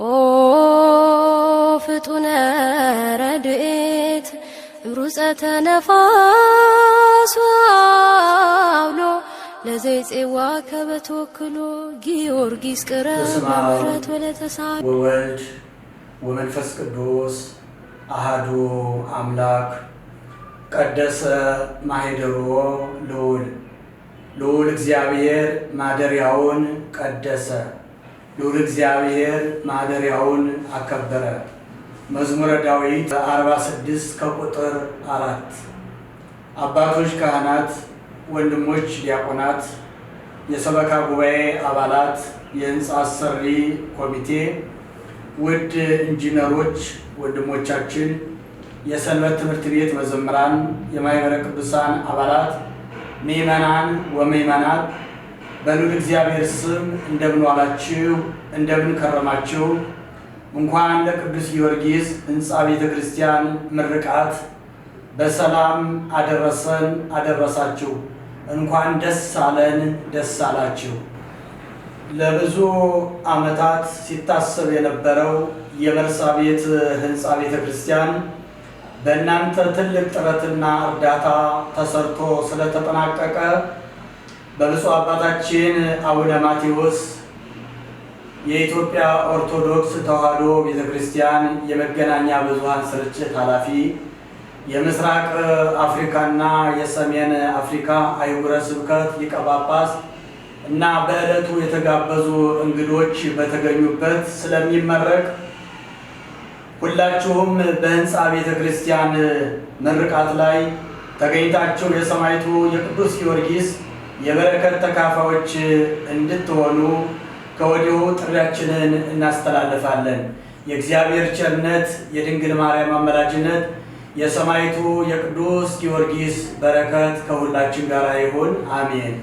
ኦ ፍጡነ ረድኤት ሩፀተ ነፋስ አውሎ ለዘይፄዋ ከበተወክሎ ጊዮርጊስ ቅረ በምህረት ወለተሳ ወወልድ ወመንፈስ ቅዱስ አህዱ አምላክ ቀደሰ ማሄደሮ ልዑል ልዑል እግዚአብሔር ማደሪያውን ቀደሰ ልዑል እግዚአብሔር ማደሪያውን አከበረ። መዝሙረ ዳዊት 46 ከቁጥር አራት አባቶች ካህናት፣ ወንድሞች ዲያቆናት፣ የሰበካ ጉባኤ አባላት፣ የህንፃ አሰሪ ኮሚቴ፣ ውድ ኢንጂነሮች ወንድሞቻችን፣ የሰንበት ትምህርት ቤት መዘምራን፣ የማኅበረ ቅዱሳን አባላት፣ ምዕመናን ወምዕመናት በሉል እግዚአብሔር ስም እንደምን ዋላችሁ፣ እንደምን ከረማችሁ። እንኳን ለቅዱስ ጊዮርጊስ ሕንፃ ቤተ ክርስቲያን ምርቃት በሰላም አደረሰን አደረሳችሁ። እንኳን ደስ አለን ደስ አላችሁ። ለብዙ ዓመታት ሲታሰብ የነበረው ቤት ሕንፃ ቤተ ክርስቲያን በእናንተ ትልቅ ጥረትና እርዳታ ተሰርቶ ስለተጠናቀቀ በብፁዕ አባታችን አቡነ ማቴዎስ የኢትዮጵያ ኦርቶዶክስ ተዋሕዶ ቤተ ክርስቲያን የመገናኛ ብዙኃን ስርጭት ኃላፊ፣ የምስራቅ አፍሪካና የሰሜን አፍሪካ አህጉረ ስብከት ሊቀ ጳጳስ እና በዕለቱ የተጋበዙ እንግዶች በተገኙበት ስለሚመረቅ ሁላችሁም በሕንፃ ቤተ ክርስቲያን ምርቃት ላይ ተገኝታችሁ የሰማዕቱ የቅዱስ ጊዮርጊስ የበረከት ተካፋዮች እንድትሆኑ ከወዲሁ ጥሪያችንን እናስተላልፋለን። የእግዚአብሔር ቸርነት፣ የድንግል ማርያም አመላጅነት፣ የሰማይቱ የቅዱስ ጊዮርጊስ በረከት ከሁላችን ጋር ይሁን። አሜን።